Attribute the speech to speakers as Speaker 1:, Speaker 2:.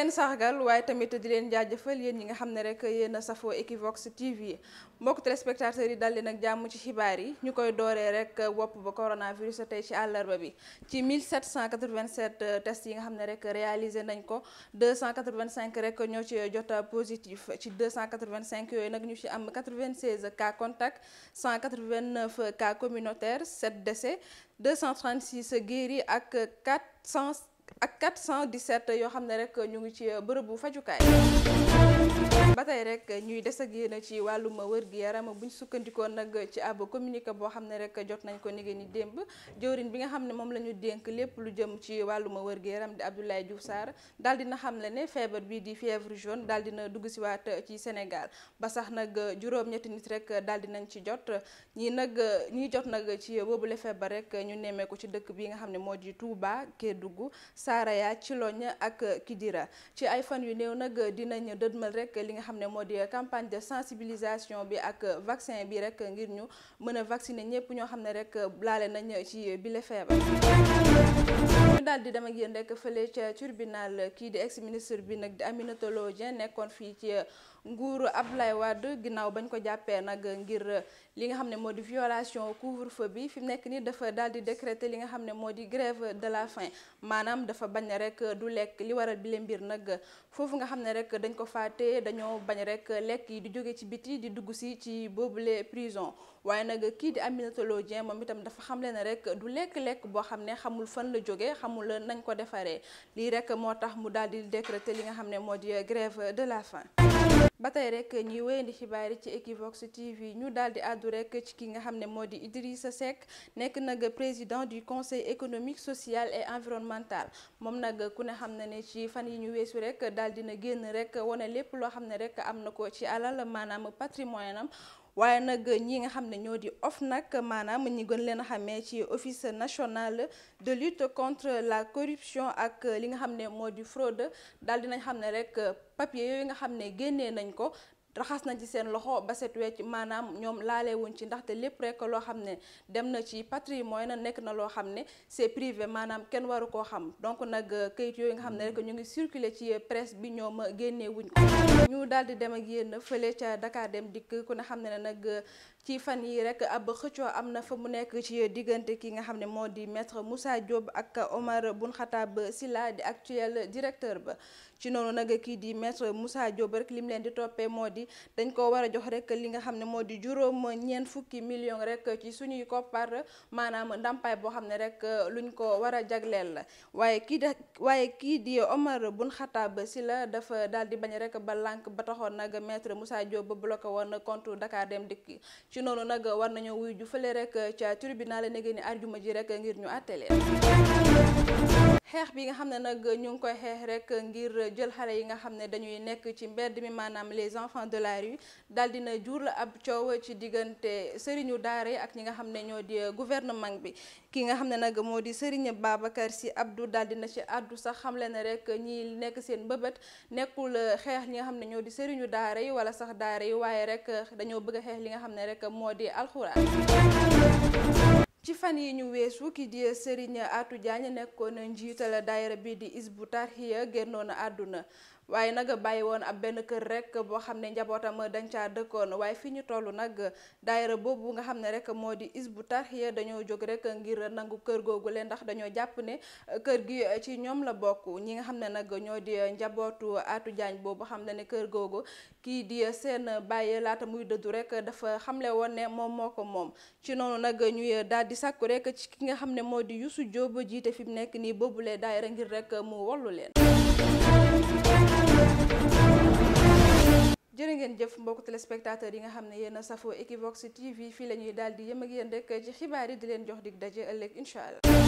Speaker 1: leen sargal waaye tamit di leen jaajëfal yéen ñi nga xam ne rek yéen a safoo Equivox TV mbokk téléspectateurs yi dal leen ak jàmm ci xibaar yi ñu koy dooree rek wopp ba coronavirus tey ci àllarba bi ci 1787 euh, tests yi nga xam ne rek réalisé nañ ko 285 rek ñoo ci jot positif ci 285 yooyu nag ñu ci am 96 cas contact 189 cas communautaire 7 décès 236 guéris ak 4 ak 417 yoo xam ne rek ñu ngi ci euh, bërëbu fajukaay ba tey rek ñuy des ak yéen ci wàllum wër-gi-yaram bu ñu sukkandikoo nag ci ab communiqué boo xam ne rek jot nañ ko nigéen ni démb jëwriñ bi nga xam ne moom la ñu dénk lépp lu jëm ci wàllum wër-gi-yaram di Abdoulaye Diouf Sarr daal dina xam le ne feebar bi di fièvre jaune daal dina dugg si ci Sénégal ba sax nag juróom nit rek daal dinañ ci jot ñi nag ñi jot nag ci boobule feebar rek ñu nemmee ko ci dëkk bi nga xam ne moo di Touba Kédougou Saraya Ciloñ ak Kidira ci ay fan yu néew nag dinañ dëdmal dëgmal rek li nga xam ne moo di campagne de sensibilisation bi ak vaccin bi rek ngir ñu mën a vacciner ñëpp ñoo xam ne rek laale nañ ci bile feebar. ñu daal di dem ak yéen rek fële ca turbinal kii di ex ministre bi nag di Aminata Lô Dieng nekkoon fii ci nguuru Abdoulaye Wade ginnaaw bañ ko jàppee nag ngir li nga xam ne moo di violation couvre-feu bi fi mu nekk nii dafa daal di décréter li nga xam ne moo di grève de la faim maanaam dafa bañ rek du lekk li waral bile mbir nag te dañoo bañ rek lekk yi di jóge ci biti di dugg si ci boobule prison waaye nag kii di Aminata Lô moom itam dafa xam leen rek du lekk-lekk boo xam ne xamul fan la jóge xamula nañ ko defaree lii rek moo tax mu daal di décréter li nga xam ne moo di grève de la faim ba tey rek ñuy wéyandi xibaar yi ci Equivox TV ñu daal di àddu rek ci ki nga xam ne moo di sa Seck nekk nag président du conseil économique social et environnemental moom nag ku ne xam na ne ci fan yi ñu weesu rek daal dina génn rek wane lépp loo xam ne rek am na ko ci alal maanaam patrimoine am waaye nag ñi nga xam ne ñoo di nag maanaam ñi gën leen xamee ci office national de lutte contre la corruption ak li nga xam ne moo di fraude daal dinañ xam ne rek papier yooyu nga xam ne génnee nañ ko raxas nañ ci seen loxo ba set wecc maanaam ñoom laale wuñ ci ndaxte lépp rekk loo xam ne dem na ci na nekk na loo xam ne c'est privé maanaam kenn waru koo xam donc nag euh, kayit yooyu nga xam ne rek ñu ngi circuler ci euh, presse bi ñoom euh, génneewuñ ko ñu daal di dem ak yéen fële ca Dakar dem dikk ku ne xam ne nag ci fan yi rek ab xëccoo am na fa mu nekk ci diggante ki nga xam ne moo di maître Moussa Diop ak Omar Boun Khattab Sylla di actuel directeur ba ci noonu nag kii di maître Moussa jóob rek lim leen di toppee moo di dañ ko war a jox rek li nga xam ne moo di juróom ñeent fukki million rek ci suñuy koppar maanaam ndàmpaay boo xam ne rek luñ ko war a jagleel la waaye kii di waaye kii di Omar Bun Xataab si la dafa daal di bañ rek ba lank ba taxoon nag maître Moussa Diop ba bloqué woon compte Dakar Dem dikki ci noonu nag war nañu wuy ju fële rek ca tribunal la ne arjuma ji rek ngir ñu àtte xeex bi nga xam ne nag ñu ngi koy xeex rek ngir jël xare yi nga xam ne dañuy nekk ci mbedd mi maanaam les enfants de la rue daal dina jur ab coow ci diggante sëriñu daara ak ñi nga xam ne ñoo di gouvernement bi ki nga xam ne nag moo di sëriñ Babacar Sy Abdou daal dina ci àddu sax xamle ne rek ñi nekk seen mbëbët nekkul xeex li nga xam ne ñoo di sëriñu daara yi wala sax daara yi waaye rek dañoo bëgg a xeex li nga xam ne rek moo di alxuraan ci fan yi ñu weesu ki di Serigne Atou Diagne nekkoon njiital daayira bi di bu Tarqiyyah génnoon àdduna waaye nag bàyyi woon ab benn kër rek boo xam ne njabootam dañ caa dëkkoon waaye fi ñu toll nag daayira boobu nga xam ne rek moo di bu Tarqiyyah dañoo jóg rek ngir nangu kër googu leen ndax dañoo jàpp ne kër gi ci ñoom la bokk ñi nga xam ne nag ñoo di njabootu Atou Diagne boobu xam ne ne kër googu kii di seen bàyyi laata muy dëddu rek dafa xamle woon ne moom moo ko moom ci noonu nag ñuy daal di sàkku rek ci ki nga xam ne moo di Youssou Diop jiite fi mu nekk nii boobulee daayira ngir rek mu wallu leen jërë ngeen jëf mbokk téléspectateurs yi nga xam ne yéen safo Equivox TV fii la ñuy daal di yëm ak yéen rek ci xibaar yi di leen jox dig daje ëllëg incha allah